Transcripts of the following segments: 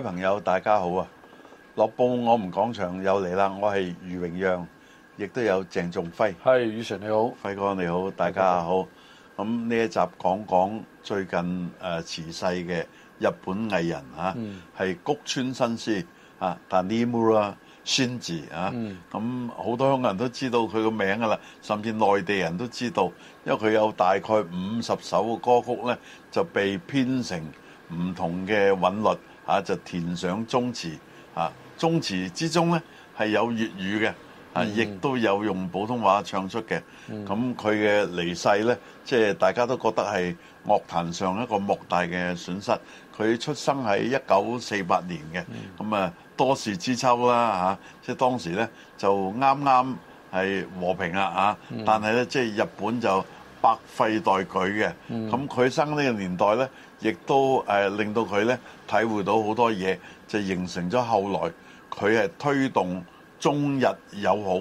朋友大家好啊！樂報我們講場又嚟啦，我係余榮讓，亦都有鄭仲輝。係雨晨你好，輝哥你好，大家好。咁呢 Thank you. 一集講講最近誒辭、呃、世嘅日本藝人啊，係、mm. 谷村新司啊，但係呢姆啦宣子啊，咁好、mm. 啊、多香港人都知道佢個名噶啦，甚至內地人都知道，因為佢有大概五十首嘅歌曲咧，就被編成唔同嘅韻律。啊，就填上中詞，啊，中詞之中呢，係有粵語嘅，啊、嗯，亦都有用普通話唱出嘅。咁佢嘅離世呢，即係大家都覺得係樂壇上一個莫大嘅損失。佢出生喺一九四八年嘅，咁啊、嗯、多事之秋啦，嚇，即係當時呢，就啱啱係和平啦，嚇、嗯，但係呢，即係日本就百廢待舉嘅咁，佢生呢個年代呢，亦都誒、呃、令到佢呢，體會到好多嘢，就形成咗後來佢係推動中日友好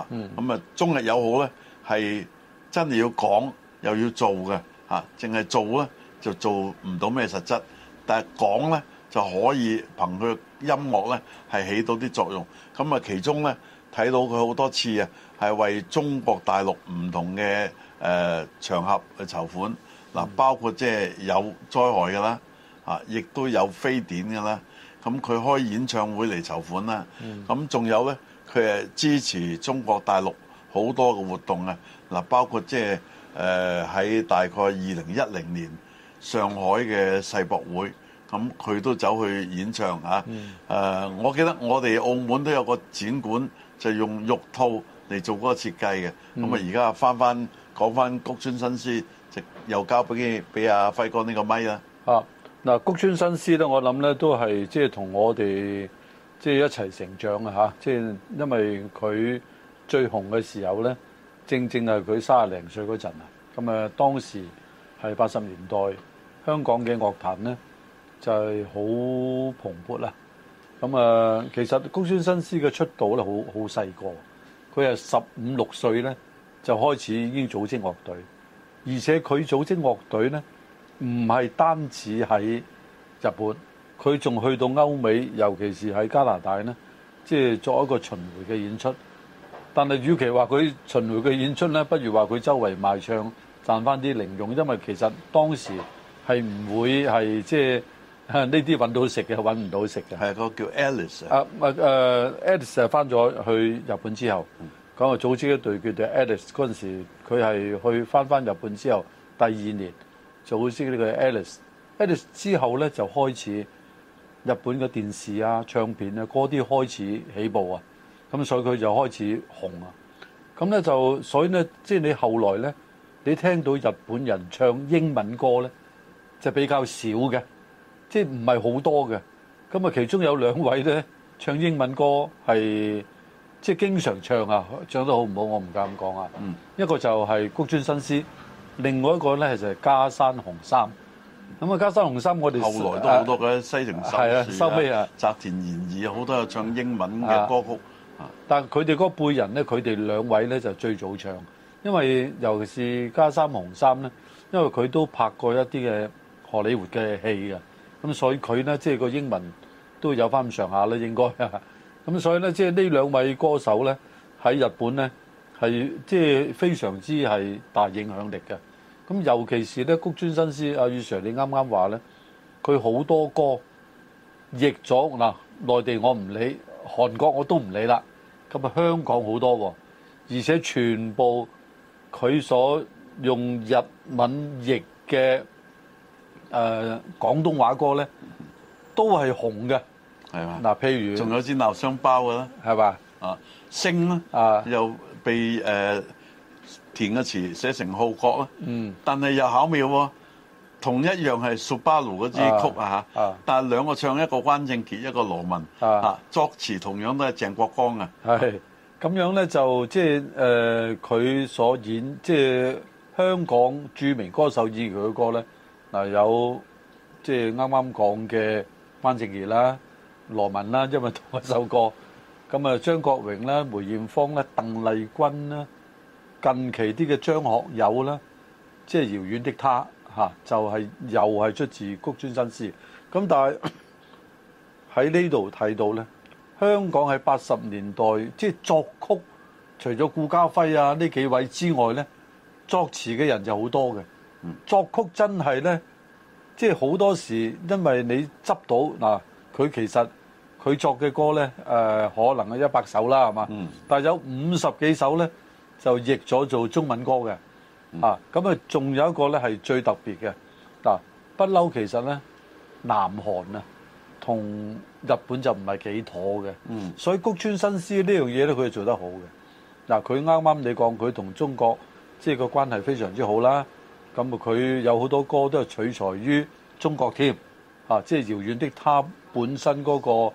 嘅咁啊，中日友好呢，係真係要講又要做嘅，嚇，淨、啊、係做呢，就做唔到咩實質，但係講呢，就可以憑佢音樂呢，係起到啲作用。咁啊，其中呢，睇到佢好多次啊，係為中國大陸唔同嘅。誒、呃、場合去籌款嗱，包括即係有災害嘅啦，啊，亦都有非典嘅啦。咁、啊、佢、嗯、開演唱會嚟籌款啦。咁、啊、仲有呢，佢係支持中國大陸好多嘅活動的啊。嗱，包括即係喺大概二零一零年上海嘅世博會，咁佢、啊、都走去演唱、啊啊、我記得我哋澳門都有個展館，就用玉兔嚟做嗰個設計嘅。咁啊，而家翻翻。嗯講翻谷村新司，就又交俾俾阿輝哥個、啊、呢個咪啦。啊，嗱，谷村新司咧，我諗咧都係即係同我哋即係一齊成長啊！嚇，即係因為佢最紅嘅時候咧，正正係佢三廿零歲嗰陣啊。咁啊，當時係八十年代香港嘅樂壇咧，就係、是、好蓬勃啦。咁啊，其實谷村新司嘅出道咧，好好細個，佢係十五六歲咧。就開始已經組織樂隊，而且佢組織樂隊呢，唔係單止喺日本，佢仲去到歐美，尤其是喺加拿大呢，即係作一個巡迴嘅演出。但係，與其話佢巡迴嘅演出呢，不如話佢周圍賣唱賺翻啲零用，因為其實當時係唔會係即係呢啲揾到食嘅，揾唔到食嘅。係啊，個叫 Alice uh, uh, uh, Alice。啊，咪 Alice 翻咗去日本之後。咁啊，就組織一隊叫做 Alice，嗰陣時佢係去返返日本之後，第二年組織呢個 Alice，Alice 之後咧就開始日本嘅電視啊、唱片啊嗰啲開始起步啊，咁所以佢就開始紅啊。咁咧就所以咧，即係你後來咧，你聽到日本人唱英文歌咧，就比較少嘅，即係唔係好多嘅。咁啊，其中有兩位咧唱英文歌係。即係經常唱啊，唱得好唔好？我唔敢咁講啊。嗯、一個就係谷村新司，另外一個咧其實係加山雄三。咁啊，加山雄三我哋後來都好多嘅西城秀樹啊、收尾啊，澤、啊啊、田研二好多有唱英文嘅歌曲、啊、但佢哋嗰輩人咧，佢哋兩位咧就最早唱，因為尤其是加山雄三咧，因為佢都拍過一啲嘅荷里活嘅戲啊，咁所以佢咧即係個英文都有翻咁上下啦，應該啊。咁所以咧，即係呢兩位歌手咧喺日本咧係即係非常之係大影響力嘅。咁、嗯、尤其是咧，谷村新司阿余 Sir 你啱啱話咧，佢好多歌譯咗嗱、嗯，內地我唔理，韓國我都唔理啦。咁、嗯、啊，香港好多、哦，而且全部佢所用日文譯嘅誒、呃、廣東話歌咧，都係紅嘅。係嘛嗱，譬如仲有一支鬧雙胞嘅啦，係嘛吧啊星啦，啊、又被誒、呃、填嘅詞寫成號角啦，嗯，但係又巧妙喎、哦，同一樣係 Subaru 嗰支曲啊嚇，啊啊但係兩個唱一個關正傑，一個羅文啊，啊，作詞同樣都係鄭國江啊，係咁樣咧，就即係誒佢所演即係、就是呃就是、香港著名歌手演佢嘅歌咧嗱、呃，有即係啱啱講嘅關正傑啦。羅文啦，因為同一首歌，咁啊張國榮啦、梅艷芳啦、鄧麗君啦，近期啲嘅張學友啦，即係遙遠的他就係、是、又係出自谷村新司。咁但係喺呢度睇到咧，香港喺八十年代即係作曲，除咗顧嘉輝啊呢幾位之外咧，作詞嘅人就好多嘅。作曲真係咧，即係好多時因為你執到嗱，佢其實。佢作嘅歌咧，誒可能啊一百首啦，係嘛？但係有五十幾首咧，就譯咗做中文歌嘅。啊，咁啊，仲有一個咧係最特別嘅嗱，不嬲其實咧，南韓啊，同日本就唔係幾妥嘅。嗯。所以谷村新司呢樣嘢咧，佢係做得好嘅。嗱，佢啱啱你講佢同中國即係個關係非常之好啦。咁啊，佢有好多歌都係取材於中國添。啊，即係遙遠的他本身嗰個。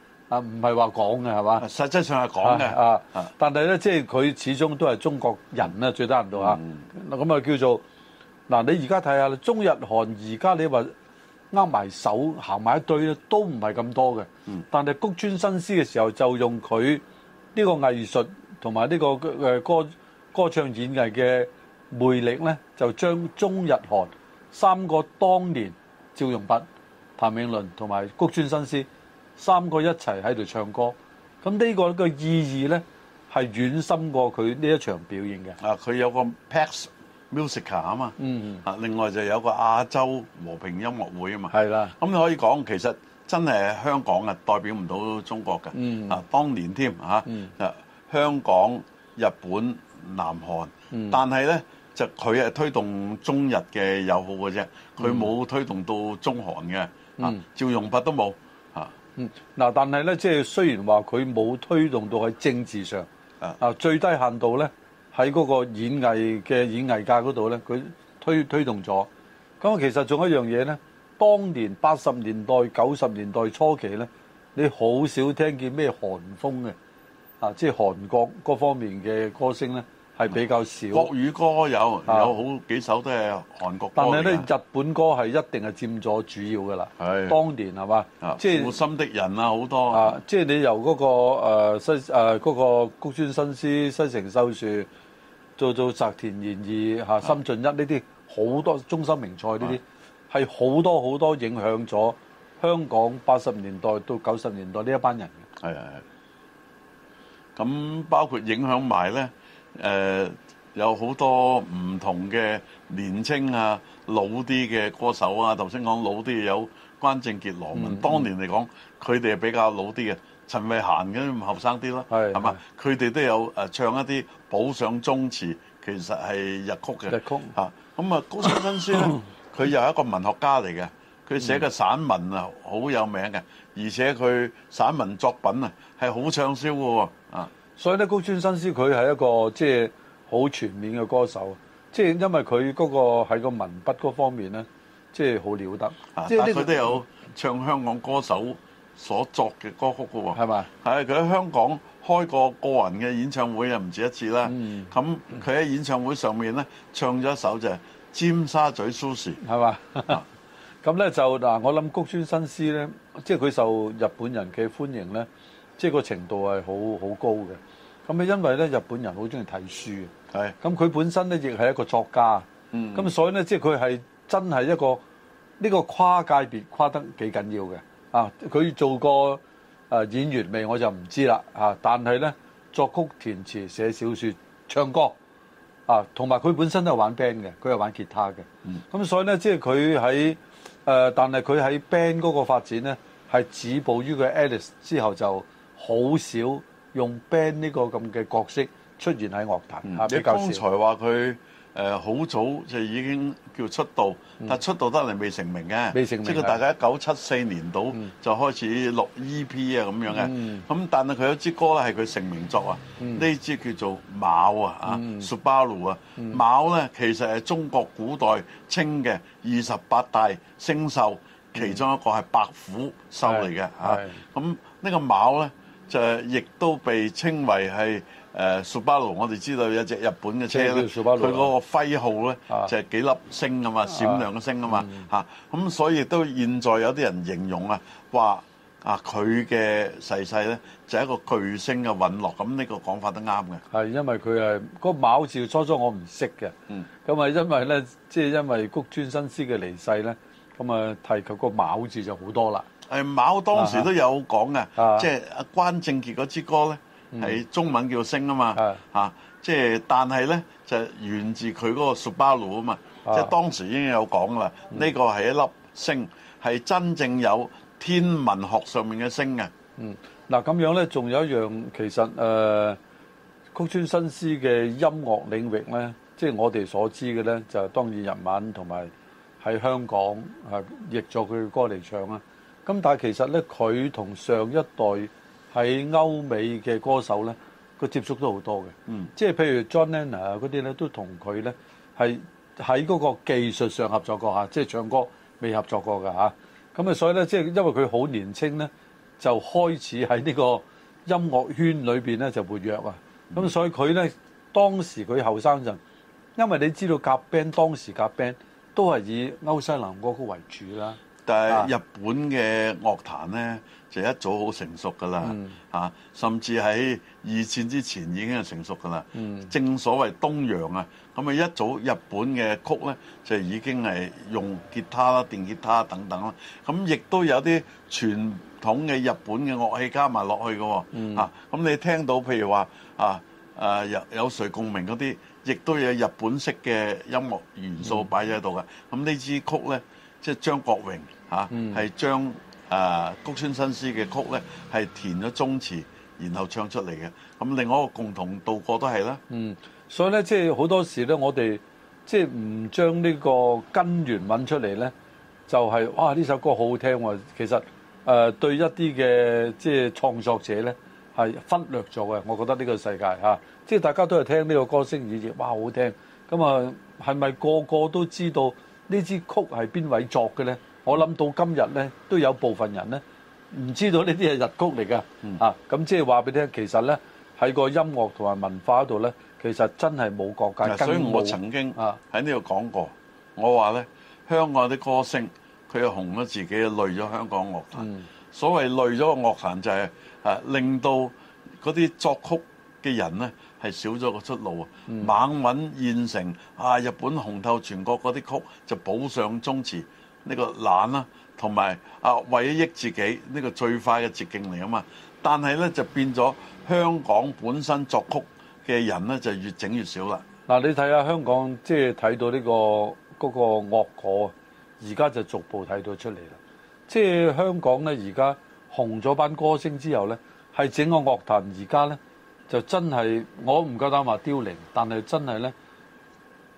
是說的是啊，唔係話講嘅係嘛？實質上係講嘅啊，但係咧，即係佢始終都係中國人咧，嗯、最得人到啊！咁啊、嗯、叫做嗱，你而家睇下，中日韓而家你話握埋手行埋一堆咧，都唔係咁多嘅。嗯、但係谷村新司嘅時候就用佢呢個藝術同埋呢個誒歌歌唱演藝嘅魅力咧，就將中日韓三個當年趙容弼、譚詠麟同埋谷村新司。三個一齊喺度唱歌，咁呢個意義咧係遠深過佢呢一場表演嘅。啊，佢有個 Pax Music 啊嘛。嗯。啊，另外就有個亞洲和平音樂會啊嘛。係啦。咁、啊、你可以講，其實真係香港啊，代表唔到中國㗎。嗯。啊，當年添、啊嗯啊，香港、日本、南韓。嗯、但係咧，就佢係推動中日嘅友好嘅啫，佢冇、嗯、推動到中韓嘅。啊、嗯。趙容弼都冇。嗯，嗱，但係咧，即係雖然話佢冇推動到喺政治上，啊，啊最低限度咧喺嗰個演藝嘅演藝界嗰度咧，佢推推動咗。咁啊，其實仲有一樣嘢咧，當年八十年代九十年代初期咧，你好少聽見咩韓風嘅，啊，即係韓國嗰方面嘅歌聲咧。係比較少國語歌有、啊、有好幾首都係韓國歌，但係咧日本歌係一定係佔咗主要噶啦。係、啊、當年係嘛？即係負心的人啊，好多是啊！即、就、係、是、你由嗰、那個、呃、西誒嗰、呃那個、谷村新司、西城秀樹，做做澤田研二、嚇、啊、森進一呢啲，好、啊、多中心名菜呢啲，係好、啊、多好多影響咗香港八十年代到九十年代呢一班人嘅。係係咁，包括影響埋咧。誒、呃、有好多唔同嘅年青啊、老啲嘅歌手啊，頭先講老啲有關正傑、羅文，嗯嗯、當年嚟講佢哋比較老啲嘅，陳慧嫻咁後生啲啦，係嘛？佢哋吧吧都有唱一啲補上宗詞，其實係日曲嘅，日嚇曲咁啊！谷村新司佢又係一個文學家嚟嘅，佢寫嘅散文啊好有名嘅，而且佢散文作品啊係好暢銷嘅喎，啊、嗯！嗯。所以咧，谷村新司佢係一個即係好全面嘅歌手，即係因為佢嗰、那個喺個文筆嗰方面咧，即係好了得但、啊、即佢、這個、都有唱香港歌手所作嘅歌曲噶喎、哦，係咪嗎？係佢喺香港開過個人嘅演唱會啊，唔止一次啦。咁佢喺演唱會上面咧，嗯、唱咗一首就係、是《尖沙咀 Susie》，係嘛吧？咁咧是 就嗱，我諗谷村新司咧，即係佢受日本人嘅歡迎咧，即係個程度係好好高嘅。咁啊，因為咧，日本人好中意睇書嘅。咁佢是的 本身咧亦係一個作家。嗯，嗯。咁所以咧，即係佢係真係一個呢個跨界別跨得幾緊要嘅。啊，佢做過誒演員未我就唔知啦。啊，但係咧作曲填詞寫小說唱歌啊，同埋佢本身都係玩 band 嘅，佢係玩吉他嘅。嗯，嗯。咁所以咧，即係佢喺誒，但係佢喺 band 嗰個發展咧，係止步於佢 Alice 之後就好少。用 band 呢個咁嘅角色出現喺樂壇。你剛才話佢誒好早就已經叫出道，但出道得嚟未成名嘅，未成名即係大家一九七四年到就開始錄 EP 啊咁樣嘅，咁但係佢有支歌咧係佢成名作啊，呢支叫做昴啊啊，Subaru 啊，昴咧其實係中國古代稱嘅二十八大星宿其中一個係白虎宿嚟嘅嚇，咁呢個昴咧。就亦都被稱為係誒 Subaru，我哋知道有隻日本嘅車咧，佢嗰個徽號咧、啊、就係幾粒星啊嘛，閃亮嘅星嘛啊嘛嚇，咁、嗯啊、所以都現在有啲人形容啊話啊佢嘅逝世咧就係、是、一個巨星嘅隕落，咁呢個講法都啱嘅，係因為佢係嗰個卯字初初我唔識嘅，咁啊、嗯、因為咧即係因為谷村新司嘅離世咧，咁啊提及嗰個卯字就好多啦。誒，某當時都有講嘅，uh huh. uh huh. 即係阿關正傑嗰支歌咧，係、uh huh. 中文叫星、uh huh. 啊嘛嚇。即係但係咧，就是、源自佢嗰個 Subaru 啊嘛。Uh huh. 即係當時已經有講啦，呢、uh huh. 個係一粒星，係真正有天文學上面嘅星嘅。嗯，嗱，咁樣咧，仲有一樣其實誒、呃，谷村新司嘅音樂領域咧，即係我哋所知嘅咧，就是、當然日文同埋喺香港係譯咗佢嘅歌嚟唱啊。咁但係其實咧，佢同上一代喺歐美嘅歌手咧，佢接觸都好多嘅。嗯，即係譬如 John Lennon 嗰啲咧，都同佢咧係喺嗰個技術上合作過嚇，即係唱歌未合作過㗎嚇咁啊，所以咧，即係因為佢好年青咧，就開始喺呢個音樂圈裏面咧就活躍啊。咁、嗯、所以佢咧當時佢後生陣，因為你知道夾 band 當時夾 band 都係以歐西蘭歌曲為主啦。但係日本嘅樂壇咧，就一早好成熟噶啦，嚇、嗯啊，甚至喺二戰之前已經係成熟噶啦。嗯、正所謂東洋啊，咁啊一早日本嘅曲咧，就已經係用吉他啦、電吉他等等啦。咁亦都有啲傳統嘅日本嘅樂器加埋落去嘅喎，咁、嗯啊、你聽到譬如話啊，誒、啊、有有誰共鳴嗰啲，亦都有日本式嘅音樂元素擺喺度嘅。咁呢、嗯、支曲咧。即係張國榮嚇，係、嗯啊、將誒、呃、谷村新司嘅曲咧，係填咗中詞，然後唱出嚟嘅。咁另外一個共同度過都係啦。嗯，所以咧，即係好多時咧，我哋即係唔將呢個根源揾出嚟咧，就係、是、哇呢首歌好好聽喎、哦。其實誒、呃、對一啲嘅即係創作者咧係忽略咗嘅。我覺得呢個世界嚇、啊，即係大家都係聽呢個歌聲，直接哇好聽。咁啊係咪個個都知道？呢支曲係邊位作嘅咧？我諗到今日咧，都有部分人咧唔知道呢啲係日曲嚟㗎。啊，咁即係話俾你聽，其實咧喺個音樂同埋文化嗰度咧，其實真係冇國界。所以我曾經喺呢度講過，我話咧，香港啲歌星佢紅咗自己，累咗香港樂壇。所謂累咗個樂壇就係誒令到嗰啲作曲嘅人咧。係少咗個出路啊、嗯！猛揾現成啊！日本紅透全國嗰啲曲，就補上中詞呢個懶啦、啊，同埋啊為咗益自己呢個最快嘅捷徑嚟啊嘛！但係呢，就變咗香港本身作曲嘅人呢，就越整越少啦。嗱，你睇下香港即係睇到呢個嗰個惡果，而家就逐步睇到出嚟啦。即係香港呢，而家紅咗班歌星之後呢，係整個樂壇而家呢。就真係，我唔夠膽話凋零，但係真係呢，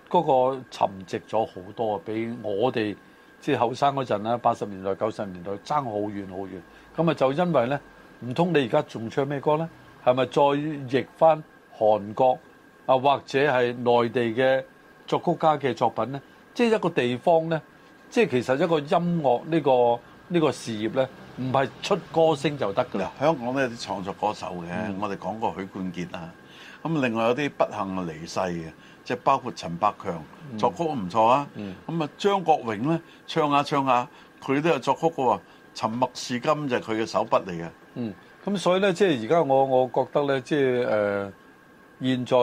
嗰個沉寂咗好多啊！比我哋即係後生嗰陣啦，八十年代、九十年代爭好遠好遠。咁啊，就因為呢，唔通你而家仲唱咩歌呢？係咪再譯翻韓國啊，或者係內地嘅作曲家嘅作品呢？即係一個地方呢，即係其實一個音樂呢個呢個事業呢。唔係出歌星就得㗎啦！香港都有啲創作歌手嘅，嗯、我哋講過許冠傑啦。咁另外有啲不幸離世嘅，即、就、係、是、包括陳百強、嗯、作曲唔錯啊。咁啊、嗯、張國榮咧唱下唱下，佢都有作曲嘅喎。沉默是金就係佢嘅手筆嚟嘅。嗯，咁所以咧，即係而家我我覺得咧，即係誒、呃、現在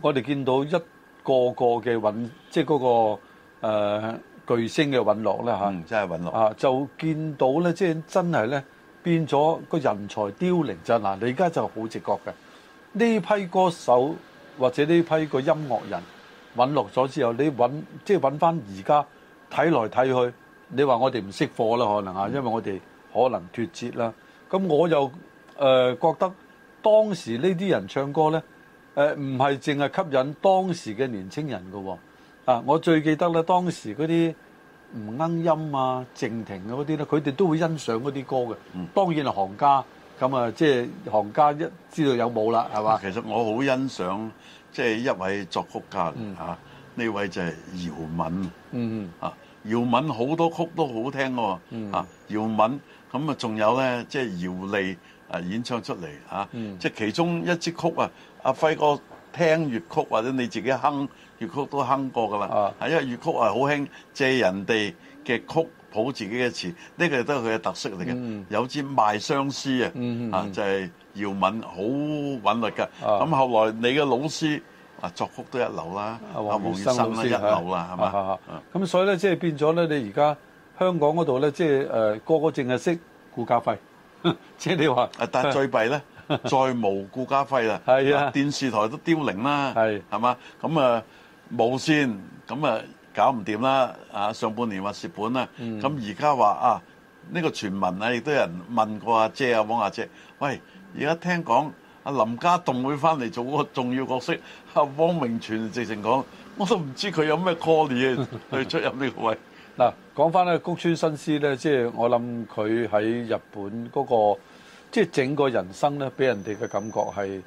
我哋見到一個個嘅揾，即係、那、嗰個、呃巨星嘅隕落咧嚇、嗯，真係隕落啊！就見到咧，即、即係、真係咧變咗個人才凋零真啊！你而家就好直覺嘅呢批歌手或者呢批個音樂人隕落咗之後，你揾即係揾翻而家睇來睇去，你話我哋唔識貨啦，可能啊，因為我哋可能脫節啦。咁、嗯、我又誒、呃、覺得當時呢啲人唱歌咧，誒唔係淨係吸引當時嘅年青人噶喎、哦。啊！我最記得咧，當時嗰啲吳鶯音啊、靜婷啊嗰啲咧，佢哋都會欣賞嗰啲歌嘅。嗯、當然係行家，咁啊，即係行家一知道有冇啦，係嘛、嗯？吧其實我好欣賞即係、就是、一位作曲家呢、嗯啊、位就係姚敏。嗯啊，姚敏好多曲都好聽喎。嗯、啊，姚敏咁啊，仲有咧，即、就、係、是、姚莉啊，演唱出嚟即係其中一支曲啊，阿輝哥聽粵曲或者你自己哼。粵曲都哼過㗎啦，因為粵曲係好興借人哋嘅曲譜自己嘅詞，呢個都係佢嘅特色嚟嘅。有支《賣相思》啊，啊就係姚敏好韻律㗎。咁後來你嘅老師啊作曲都一流啦，阿黃義生啦一流啦，係嘛？咁所以咧，即係變咗咧，你而家香港嗰度咧，即係誒個個淨係識顧嘉煇，即係你話啊，但係最弊咧，再無顧嘉煇啦。係啊，電視台都凋零啦，係嘛？咁啊～無綫，咁啊搞唔掂啦！啊，上半年話蝕本啦，咁而家話啊呢個傳聞啊，亦都有人問過阿姐啊、汪阿姐，喂，而家聽講阿林家棟會翻嚟做個重要角色，阿汪明荃直情講，我都唔知佢有咩 call 嘢去出入呢個位。嗱，講翻咧谷村新司咧，即係我諗佢喺日本嗰個，即係整個人生咧，俾人哋嘅感覺係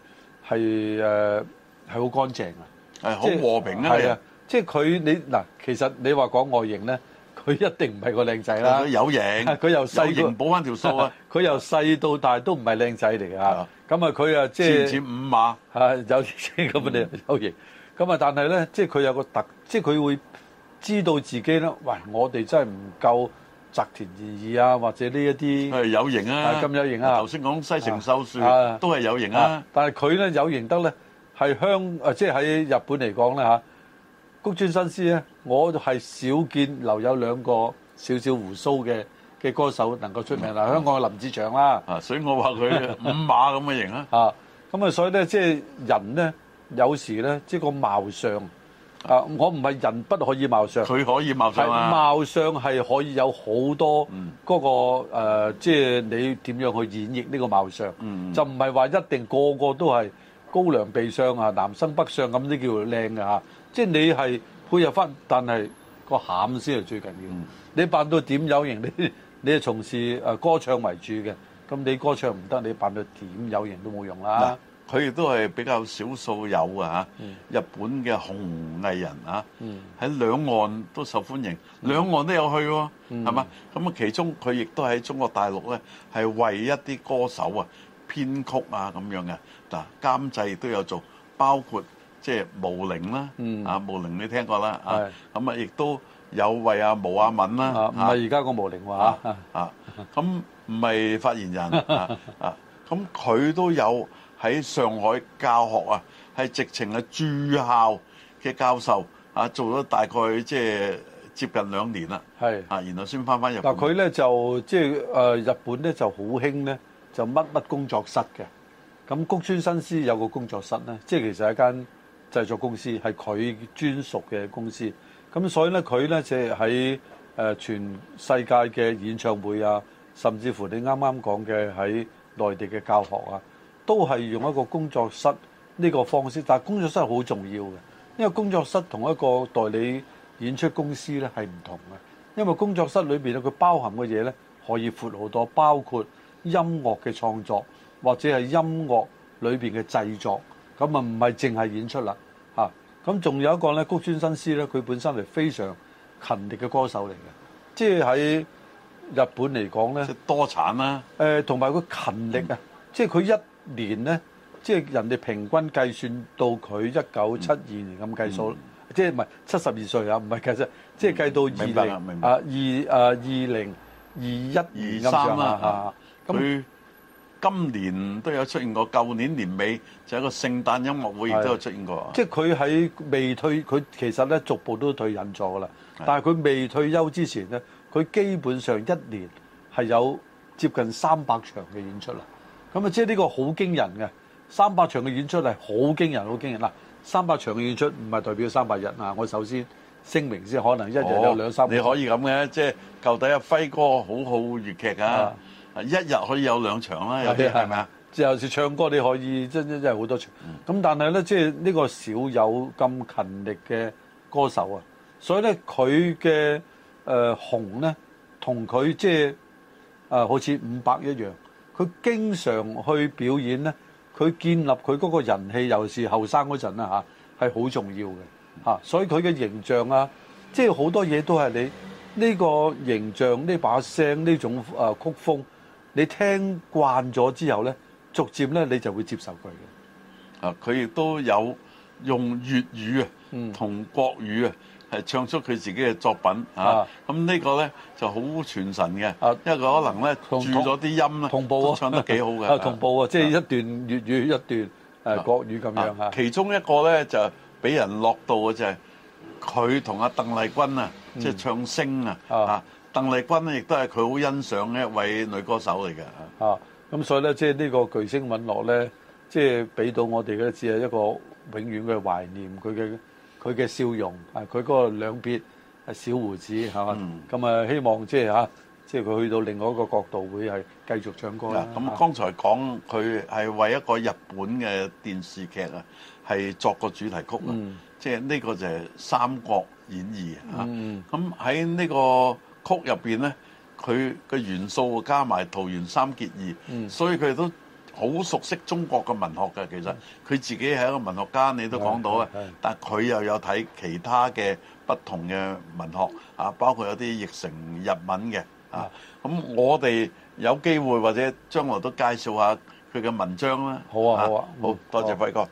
係誒係好乾淨啊！誒好、哎、和平啊！係、就是、啊，即係佢你嗱，其實你話講外形咧，佢一定唔係個靚仔啦。有型盈，佢又細型補翻條數啊！佢由細到大都唔係靚仔嚟啊！咁啊，佢啊即係似唔似五馬啊？ 嗯、 有啲咁嘅有型，咁啊，但係咧，即係佢有個特，即係佢會知道自己咧。喂、哎，我哋真係唔夠澤田研二啊，或者呢一啲誒有型啊，咁有型啊！頭先講西城秀樹都係有型啊，啊，啊，啊！但係佢咧有型得咧。係香，誒即係喺日本嚟講咧嚇，谷村新司咧，我係少見留有兩個少少鬍鬚嘅嘅歌手能夠出名。嗱，香港嘅林子祥啦，啊，所以我話佢五馬咁嘅型啦，嚇，咁啊，所以咧即係人咧有時咧，即係個貌相，啊，我唔係人不可以貌相，佢可以貌相啊，貌相係可以有好多嗰個誒，即係你點樣去演繹呢個貌相，就唔係話一定個個都係。高粱鼻上啊，男生北上咁啲叫靚嘅嚇，即係你係配合翻，但係個餡先係最緊要。你扮到點有型，你你係從事誒歌唱為主嘅，咁你歌唱唔得，你扮到點有型都冇用啦。嗱，佢亦都係比較少數有嘅嚇，日本嘅紅藝人嚇，喺兩岸都受歡迎，兩岸都有去喎，係嘛？咁啊，其中佢亦都喺中國大陸咧，係為一啲歌手啊。編曲啊咁樣嘅嗱，監製亦都有做，包括即係毛寧啦，啊毛寧你聽過啦，咁啊亦都有為阿毛阿敏啦，唔係而家個毛寧喎嚇，啊咁唔係發言人啊，啊咁佢都有喺上海教學啊，係直情係住校嘅教授啊，做咗大概即係接近兩年啦，係啊，然後先翻翻入。嗱佢咧就即係誒日本咧就好興咧。就乜乜工作室嘅，咁谷村新司有個工作室咧，即係其實一間製作公司，係佢專屬嘅公司。咁所以咧，佢咧即係喺誒全世界嘅演唱會啊，甚至乎你啱啱講嘅喺內地嘅教學啊，都係用一個工作室呢個方式。但係工作室係好重要嘅，因為工作室同一個代理演出公司咧係唔同嘅，因為工作室裏邊咧佢包含嘅嘢咧可以闊好多，包括。音樂嘅創作或者係音樂裏面嘅製作，咁啊唔係淨係演出啦嚇。咁、啊、仲有一個咧，谷村新司咧，佢本身係非常勤力嘅歌手嚟嘅，即係喺日本嚟講咧，多產啦、啊。同埋佢勤力啊、嗯，即係佢一年咧，即係人哋平均計算到佢一九七二年咁計數，嗯、即係唔係七十二歲啊？唔係，計實即係計到 20,、嗯啊二,啊、二零啊二啊二零二一。二三啦、啊嗯佢今年都有出現過，舊年年尾就係一個聖誕音樂會亦都有出現過。即係佢喺未退，佢其實咧逐步都退隱咗啦。的但係佢未退休之前咧，佢基本上一年係有接近三百場嘅演出啦。咁啊，即係呢個好驚人嘅，三百場嘅演出係好驚人，好驚人嗱。三百場嘅演出唔係代表三百日啊。我首先聲明先，可能一日有兩三。哦、天你可以咁嘅，即係舊底阿、啊、輝哥好，好好粵劇啊。一日可以有兩場啦，有啲係咪啊？尤其是唱歌，你可以真真真係好多場。咁、嗯、但係咧，即係呢個少有咁勤力嘅歌手啊，所以咧佢嘅誒紅咧，同佢即係誒好似伍佰一樣，佢經常去表演咧，佢建立佢嗰個人氣，尤其是後生嗰陣啦嚇，係好重要嘅嚇、嗯啊。所以佢嘅形象啊，即係好多嘢都係你呢、呢個形象、呢把聲、呢種誒曲風。你聽慣咗之後咧，逐漸咧你就會接受佢嘅。啊，佢亦都有用粵語，語、嗯、啊，同國語啊，係唱出佢自己嘅作品啊。咁呢個咧就好傳神嘅，一個可能咧住咗啲音都唱得幾好嘅。啊，同步啊，即係是一段粵語、啊、一段誒國語咁樣啊。其中一個咧就俾人落到嘅就係佢同阿鄧麗君啊，即係、嗯、唱聲啊、嗯、啊。鄧麗君咧，亦都係佢好欣賞嘅一位女歌手嚟嘅吓，咁所以咧，即係呢個巨星隕落咧，即係俾到我哋嘅只係一個永遠嘅懷念，佢嘅佢嘅笑容啊，佢嗰個兩撇小鬍子係嘛，咁啊、嗯嗯、啊希望即係吓，即係佢去到另外一個角度會係繼續唱歌啦。咁、嗯啊、剛才講佢係為一個日本嘅電視劇啊，係作個主題曲啊，嗯、即係呢個就係《三國演義》啊。咁喺呢個曲入邊咧，佢嘅元素加埋桃園三結義，所以佢都好熟悉中國嘅文學嘅。其實佢自己係一個文學家，你都講到啦。但佢又有睇其他嘅不同嘅文學啊，包括有啲譯成日文嘅啊。咁我哋有機會或者將來都介紹下佢嘅文章啦。好啊，好啊，好多謝輝哥。